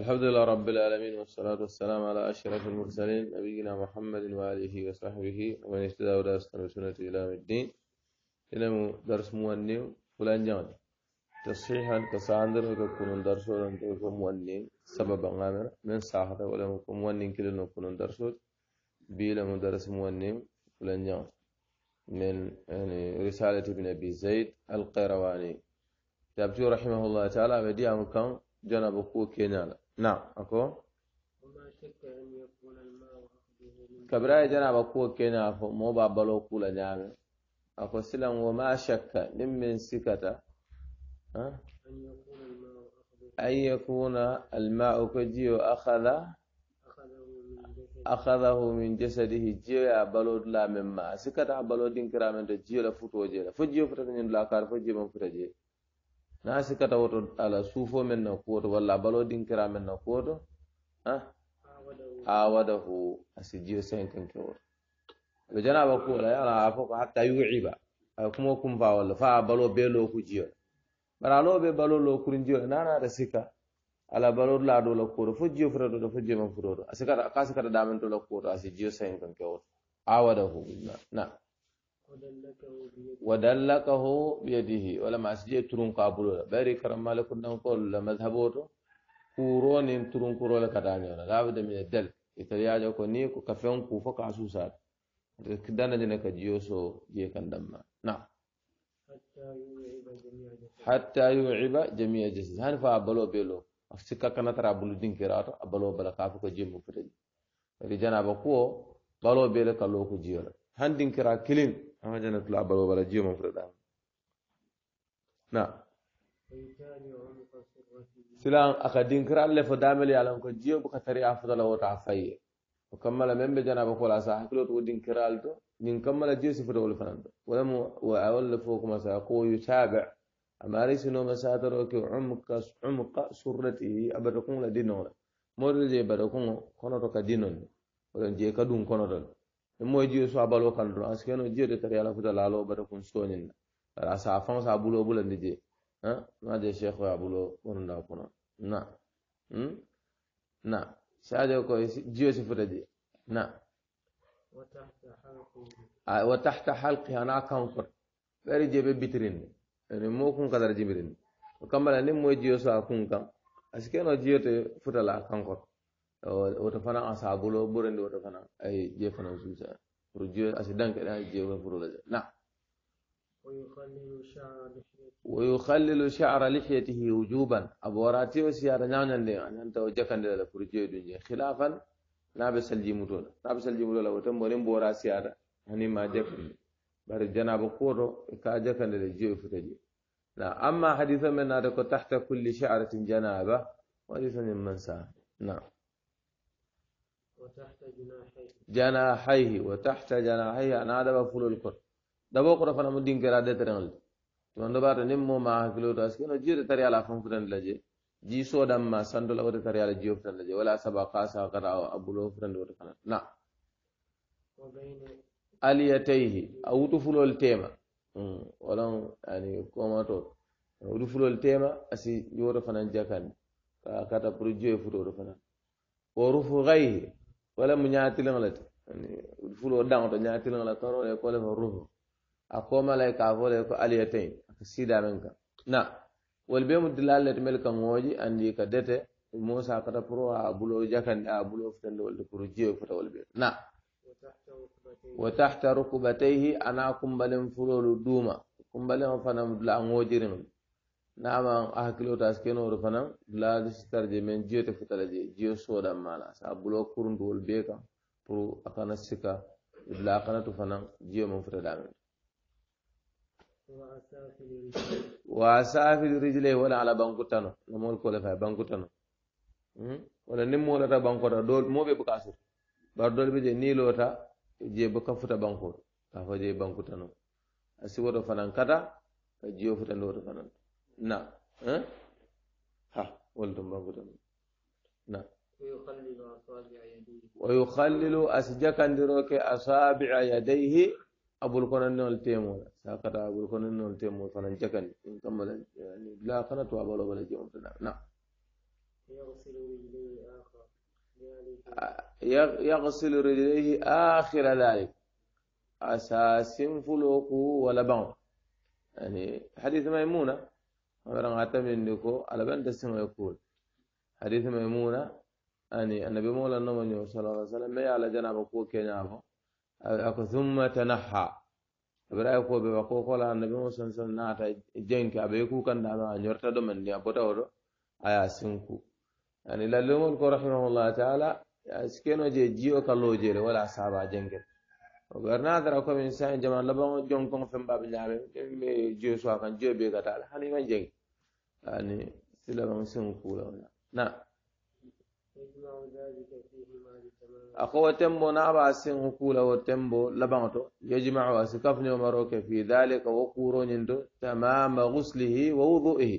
الحمد لله رب العالمين والصلاة والسلام على أشرف المرسلين نبينا محمد وآله وصحبه ومن اهتدى ولا سنة إلى الدين إلى درس مؤني فلان جان تصحيحا كساندر وكون درس ولم تكن مؤني سببا غامر من ساحة ولم يكن مؤني كل نكون درس بلا درس مؤني فلان جان من يعني رسالة ابن أبي زيد القيرواني تابتو رحمه الله تعالى بديع مكان جنب كو كينالا نعم أكو وما شك أن يكون الماء كبراء جناب أكو كنا مو بابلو كولا جامع أكو سلم وما شك نمن سكتا أه؟ أن يكون الماء كجيو أخذ أخذه من جسده جيو يا بلود لا من ما سكتا بلود إنكرامنت جيو لا فتو فجيو فتو لا كار فجيو من فتو na sikata woto ala suufo men na kuwoto walla a baloo dinkira men na kuwoto awadahu asi jiyo senkenke woto yo janaba kuwola yala a fo ko hatta yuiba ay kumo kumfa walla fa a baloo bee looku jiyo bari aloo be baloo lookurin jiyo nanata sika ala balor la do la kuro fo jiyo fura do fo jiyo man furo do asikata akasi kata damen do la kuro asi jiyo senkenke woto awadahu na na ودلكه بيده ولا ما سجي ترون قابلو باري كرم مالك نو قول مذهبوتو كورون ترون كورو لكدانيو لا بد من الدل يتريا جو كوني كفن كو فكا سوسات كدانا دينك جيوسو جي كندما نعم حتى يعيب جميع جسد هن فابلو بيلو afsika kana tara bulu dinkirato abalo bala kafu ko jimmu fitaji ri janaba kuwo balo bele kalo ko jiyola han dinkira أما جنة لعب وبرجي ومفردة نعم سلام أخدين كرال لفو دامل يعلم كجيو بخطري أفضل وتعفيه وكمل من بجنا بقول أصاحب لوت ودين كرال تو نين كمل جيو سفر أول فنانتو ولم وأول فوق مسا يتابع أما ليس نو مسادر وكي عمق عمق سرته أبرقون لدينه مورد جي برقون كونو تكدينون ولن جي كدون كونو moy jiyo so abalo kan do an skeno jiyode tari ala futa lalo bata kun soñin ala sa fan sa bulo bulandi je ha ma de cheikh wa bulo wonda kono na hmm na sadio ko jiyo si futa je na wa tahta halqi ana kan fot bari je be bitirin ne mo kun kadar jibirin kambala ne moy jiyo so akun kan askeno jiyote futa la kan kot woto fana a saabolo ɓurende woto fana ay je fana suusa pour je asi danke ɗa je wona furola je na ويخلل شعر لحيته وجوبا ابو راتي وسيار نانا ندي ان انت وجكند لا فرجي دنيا خلافا نابس الجيموتون نابس الجيموتون وتم ولم بورا سيار هني ما جكند بار جناب كورو كا جكند الجيو فتجي لا اما حديث من هذا تحت كل شعره جنابه وليس من منسى نعم جناحيه وتحت جناحيه أنا هذا بفول الكون دابا قرأ فنا مدين كرا ده ترنل تمان دبار نمو ما هكلو تاسكين وجير تري على فم فرن لجي جي سو دم ما سندل أو تري على جيو فرن لجي ولا سبا قاسا قرا أو أبلو فرن ورد فنا نا aliyatayhi awutu fulol tema walan yani komato awutu fulol tema asi yoto fanan jakandi ka kata pour joye futoto fanan wa wala mu ñaatilingalati fulo daŋoto ñaatilingala karo le ko le fo ruhu a komalay ka fo le ko aliyatain aka sida men kan na wol be mu dilal le mel ka ŋooji andi ka dete musa kata pro a bulo jakandi a bulo futande wolde pour jiyo fota wol be na wa tahta rukubatayhi ana kumbalen fulolu duuma kumbalen o fana mu dula a ŋoojiriŋol naman ahakilota askenoro fana ladisitarje men jiyote futala je jiyo sodan mala sa bulo kuruntuwol bee kan pour a kana sika ibla a kanatu fana jiyo man futa damin wa safil rijley wala ala bankutano nomol kole fa bankutano wala nin molata bankota do moɓe buka sur bar dole ɓe je ni lota je buka futa banko ka fa je bankutano a siwoto fanan kata ka jiyo futandoto fanan نعم ها ها ولد موجود نعم ويخلل أصابع يديه ويخلل أسجكن دروك أصابع يديه أبو الكون التيمون ساقط أبو الكون التيمون فنجكن كمل يعني لا قنت وأبو لو بلا نعم يغسل رجليه آخر آه، يغسل رجليه آخر ذلك أساس فلوق ولا بون يعني حديث ميمونة ورغم عتمين لكو على بنت السما يقول حديث ميمونة أني النبي مولى النبي صلى الله عليه وسلم ما على جنابه كو كنابه أكو ثم تنحى برأي كو بيقو قال النبي مولى صلى الله عليه وسلم ناتا جنك أبيكو كان دابا نورتا دومن لي أبوتا ورو أيا سنكو يعني للمول كو رحمه الله تعالى سكينو جي جيو كالو جيري ولا صابا جنكت وغرنا درا كو من سان جمان لبا جونكم فمباب نيامي جيو سوا كان جيو بيغتا حالي من جنك يعني سلة مسلم كولا نعم أخو تمبو نابا سين هكولا وتمبو لبانتو يجمع أسكفني ومروك في ذلك وقورو نندو تمام غسله ووضوئه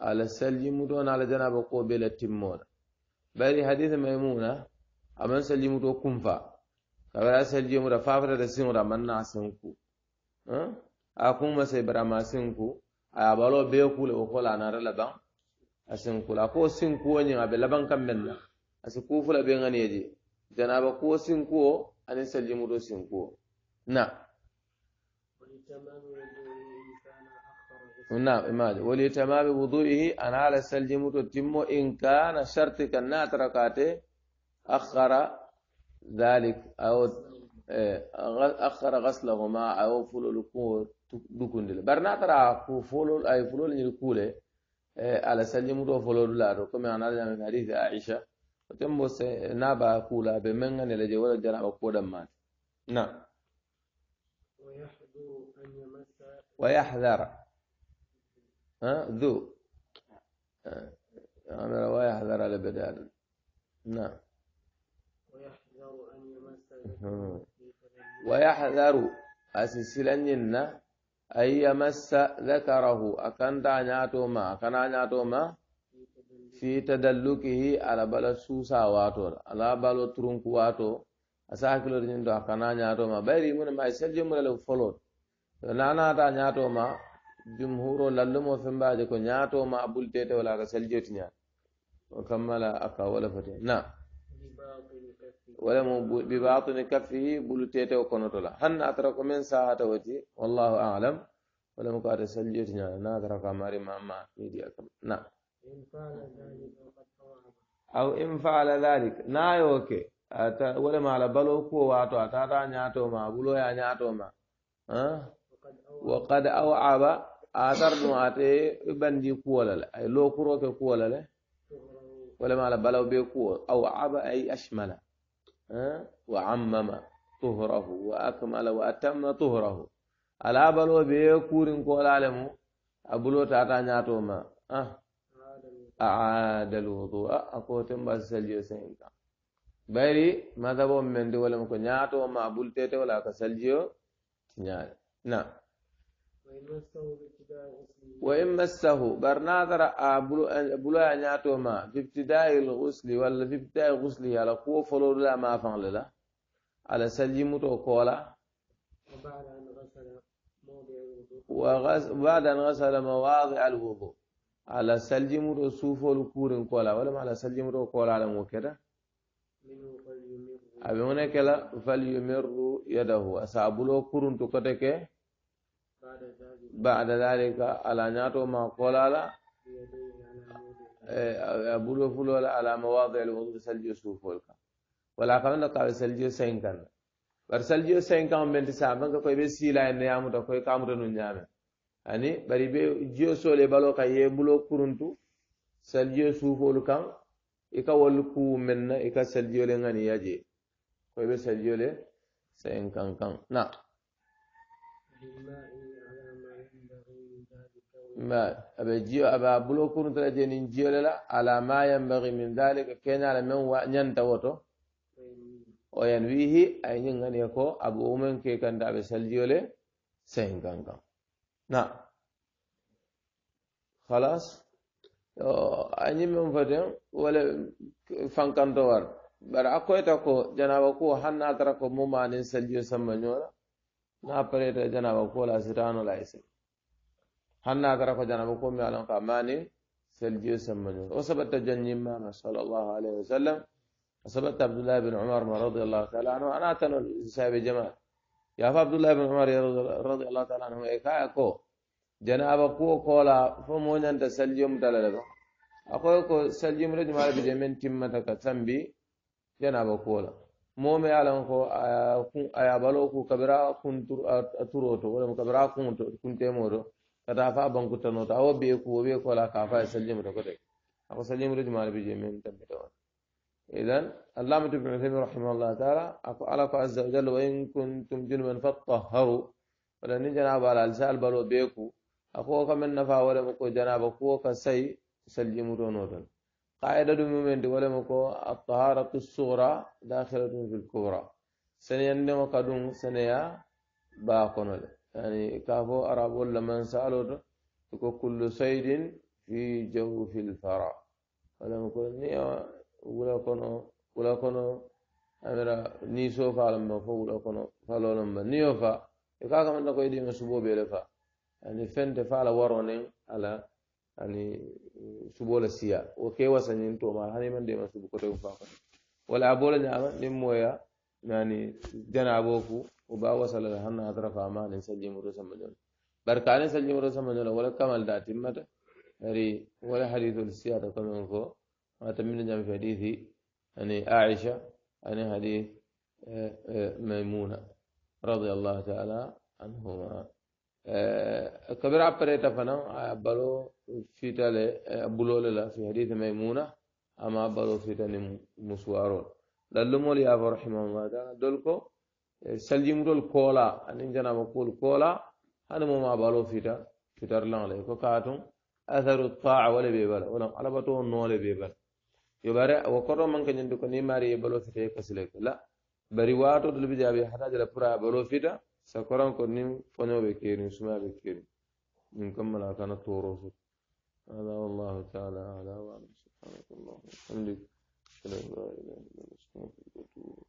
على السلج مدون على جناب قوبلة تمونا بل حديث ميمونة أمن سلج مدو كنفا كبرا سلج مدو فافرة سين ورمنا سنكو أه؟ أقوم سيبرا ما سنكو aya balo be kule o kola na laban asin kula ko sin kuwo nyin abe laban kan menna asi ku fula be ngani yaji janaba ko sin kuwo anin salji mudo sin kuwo na نعم إمام ولتمام وضوئه أنا على السلج متتم إن كان شرط كنا تركاته أخر ذلك أو akhara gaslahuma awo fulol kuo dukundile bari na tara ku folol ay fulol ñil kuule ala sallimuto fololu laato comme anaajame hadise aicha otembo naaba kuula ɓe mengane leje wala janaba kuoɗammaate na wayahdara dhu amira wayahdara le ɓe daɗen na ويحذر أن يمس ويحذر أسسلنين أن يمس ذكره أكن دعناتوما أكن دعناتوما في تدلكه على بلا سوسا واتو على بلا ترنك واتو أساكلو رجندو أكن دعناتوما بيري من ما يسل جمرة لو فلوت نانا تا دعناتوما جمهور للمو فنباجي كو دعناتوما أبول تيتو لا رسل جيتنا وكمل أكا ولا فتح نعم ولم بباطن كفه بلوتيته وكنوتلا هن أترك من ساعة وتي والله أعلم ولم قاد سلجت نا أترك ماري ماما ميديا كم نعم أو إن فعل ذلك نا يوكي أتا ولم على بلو كو واتو أتا نياتو ما بلو يا نياتو ما أه؟ وقد أوعب آثر نواتي بندي كولا أي لو كروك كولا ولم على بلو بي كو أوعب أي أشمل wa ammama tuhrahu wa akmala wa atamma tuhrahu ala balo be kurin ko lalemu abulo tata nyato ma ah aada alwudu'a ako temba saljiyo senka bari madhabo mende wala ko nya nyato ma abultete wala ka saljiyo nyaale na وإن مسه برناظر بلو أنياتهما في ابتداء الغسل ولا في ابتداء الغسل على قوة فلور لا ما فعل لا على سليمته قولا وبعد أن غسل مواضع الوضوء على سلجمته سوفو الكور قولا ولا على سلجمته قولا على موكرة أبي هناك لا فليمر يده أسابلو كورن تكتكه بعد ذلك على ناتو ما قول على أبولو فلو على مواضع الوضوء سلجيو سوف والكم ولا كمان قال سلجيو سين كان bari saljiyo sayin kama menti sa banka koye ɓe siilayinde yamuta koye kamuta nu ñaame ani bari ɓe jiyo soole balo ka ye bulo kuruntu saljiyo suufolu kan ika wallu kuwu menna ika saljiyole ŋani yaje koye ɓe saljiyole sayin kan kan na ما أبجي أبا بلو كون تلجين جيو للا على ما ينبغي من ذلك كان على من وأنين توتو وينويه أي نغن يكو أبو أمن كي كان دابي سلجيو لي سهن كان كان نعم خلاص أني من فتن ولا فان كان دوار بر أكو يتكو جنابكو حنا تركو مما نسلجيو سمنيونا نعبر إلى جناب وقول أسران ولا يسل هل نعبر إلى جناب وقوم يعلم قاماني سلجيو سمنون وصبت جنجي ما صلى الله عليه وسلم وصبت عبد الله بن عمر رضي الله تعالى عنه أنا أتنو سابي جمال يا عبد الله بن عمر رضي الله تعالى عنه إيكا أكو جناب قو قولا فمون أنت سلجيو متلالبا أقول لك سلجيو مرجم على بجمين تمتك تنبي جناب قولا moome alan ko aya baloo ku kabira kun turo to walla kabira kun to kun temo to kata fa banku tano to awo be ku be ko la ka fa sallim to kote ako sallim ru jumaal bi je men tambe to idan allama ibn uthaymeen rahimahullah taala ako ala ko azza wa jalla wa in kuntum junuban fatahharu walla ni janaba ala alsal baloo be ku ako kamen nafa walla ko janaba ko ka sai sallim ru no ton قاعدة من ولم الطهارة الصغرى داخلة في الكبرى سنيا نما قدوم سنيا باقون يعني كافو أراب ولا من سألوا كل صيد في جوف الفرع ولم يكن نيا ولا كنو ولا كنو أمرا نيسو فعلم فو ولا كنو فلو لما نيوفا يكاكم أنك يدي مسبوب يلفا يعني فنت فعل ورونين على ani subola siya wo ke wasa ñin toma hani man dema subu kote fa ko wala abola ñama nim moya nani janabo ku o ba wasala hanna hadra fa ma len sajje mu rosa ma jol barkane sajje mu rosa ma jol wala kamal da timmata ri wala hadithul siyada ko men ko mata min jam fi hadithi ani aisha ani hadith maimuna radiyallahu ta'ala anhuma آه، كبيرة بريتا فنا بلو في تالي بلو للا في حديث ميمونة أما بلو في تالي مسوارون للمول يا رحمه الله تعالى دولكو سلجم دول كولا أن جنا مقول كولا أنا ما بلو في تا في ترلان عليه كاتم أثر الطاعة ولا بيبل ولا على بتو نول بيبل يبارة وكرو من كنجن دكاني ماري بلو في تا كسلك لا بريواتو دل بجابي حتى جل برا بلو في تا سكران كنين فنو بكيرين سما بكيرين نكمل أكنا توروسو هذا والله تعالى أعلى وأعلم سبحانك اللهم وبحمدك أشهد أن لا إله إلا أنت أستغفرك وأتوب